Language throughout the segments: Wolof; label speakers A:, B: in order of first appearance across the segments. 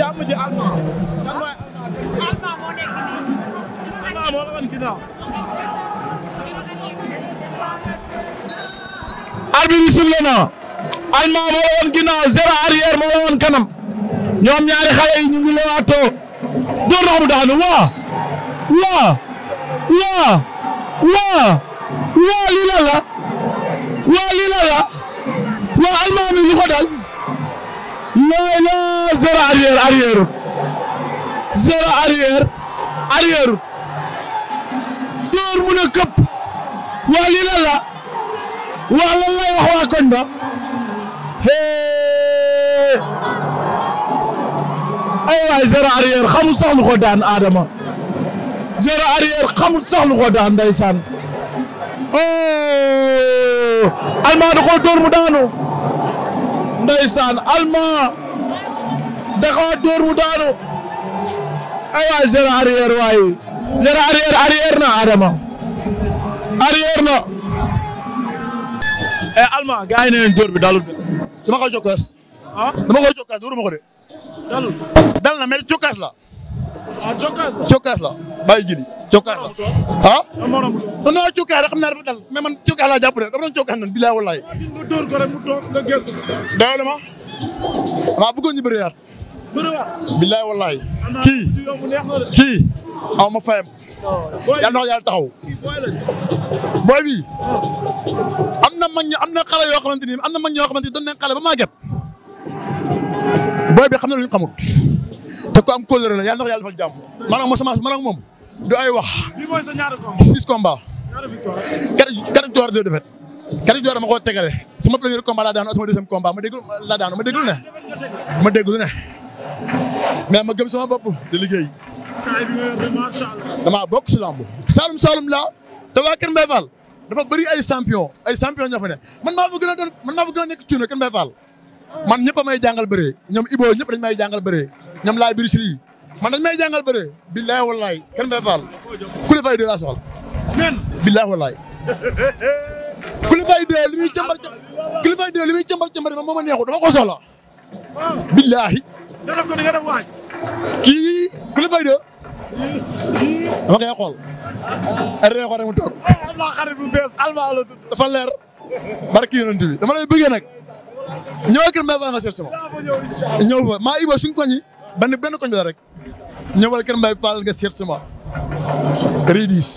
A: jàmm ji Alma. Alma moo nekk nii. Alma moo la wan ginnaaw. arbitre bi sifflé na. Alma moo la wan ginnaaw zéro arrière moo la wan kanam. ñoom ñaari xale yi ñu ngi leewaatoo. door na ko mu daanu waa. waa. waa. waa. waa lii la la. waa lii la la. waa Alma mi lu ko dal. non non zéro arrière arrière zéro arrière arrière door mu ne këpp waa lii la la waa lan lay wax waa koñ ba hee ay waay zéro arrière xamul sax lu ko daan Adama zéro arrière xamul sax lu ko daan ndeysaan oh almaa da koo door mu daanu ndeysaan Allemand daxa dóor mu daanu ay waay Zéro arrière waaye Zéro arrière arrière na Adama arrière na e Allemand gars yi ne leen dóor bi dalul de dama koy jokkaas ah? dama koy jokkaas dóoruma ko de dalul dal na mais jokkaas la ah cokkaas la cokkaas la bàyyi ji cokkaas la ah. non non cokkaas xam naa dafa man cokkaas laa jàpp rek dama doon cokkaas noonu bilaay walaay. nga ma. waaw bëggoon ñu bëriwaat. bëriwaat. kii kii aw ma fayam. yàlla na ko taxaw. booy bi am na mag am na xale yoo xamante ni am na mag yoo xamante ni doon nañ xale ba maa gët. booy bi xam na lu ñu xamut. te ku am kóllëre la yàlla na ko yàlla defal jàmm. maanaam mooy semence bi ay wax. lii mooy sa ñaari combat. six combats. ñaari victoire. quatre quatre victoire deux défaites. quatre tegale. sama premier combat laa daanu ma déglu laa daanu ma déglu ne. ma déglu ne. mais ma gëm sama bopp di liggéey. damaa bokk si lamb. Saalum Saalum la te waa Kër Mbaye dafa bari ay champion ay champion ñoo fa man maa fa gën a doon man maa fa nekk cuune Kër Mbaye man ñëpp a may jàngal bëree ñoom Ibo ñëpp dañ may jàngal bëree. ñoom laay biri sili man dañ may jàngal bëre billahi wallahi kenn may faal Koulibaly de laa soxla nen billahi li muy cëmbar Koulibaly li muy cëmbar cëmbar ma ma neexu dama ko soxla billahi da kii Koulibaly de dama koy xool ree ko rek mu toog alma ah, xarit bu bees alma la tudd dafa leer barki yonent maa ibo suñ benn benn koñ la rek ñëwal kër Mbaye Fall nga seet si ma. Ridis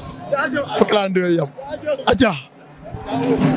A: fukki laa nuyoo yam